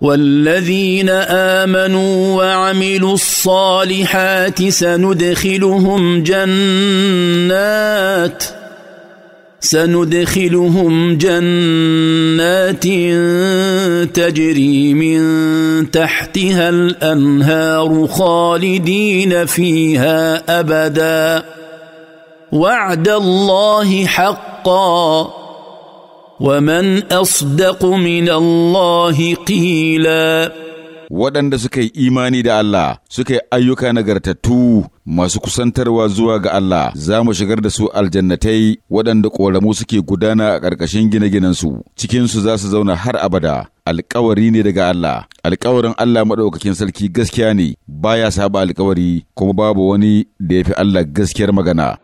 والذين امنوا وعملوا الصالحات سندخلهم جنات سندخلهم جنات تجري من تحتها الانهار خالدين فيها ابدا وعد الله حقا ومن أصدق من الله قيلا waɗanda suka yi imani da Allah suka yi ayyuka nagartattu masu kusantarwa zuwa ga Allah za mu shigar da su aljannatai waɗanda ƙoramu suke gudana a ƙarƙashin gine-ginensu cikinsu za su zauna har abada alkawari ne daga Allah alkawarin Allah maɗaukakin sarki gaskiya ne baya saba alkawari kuma babu wani da ya fi Allah gaskiyar magana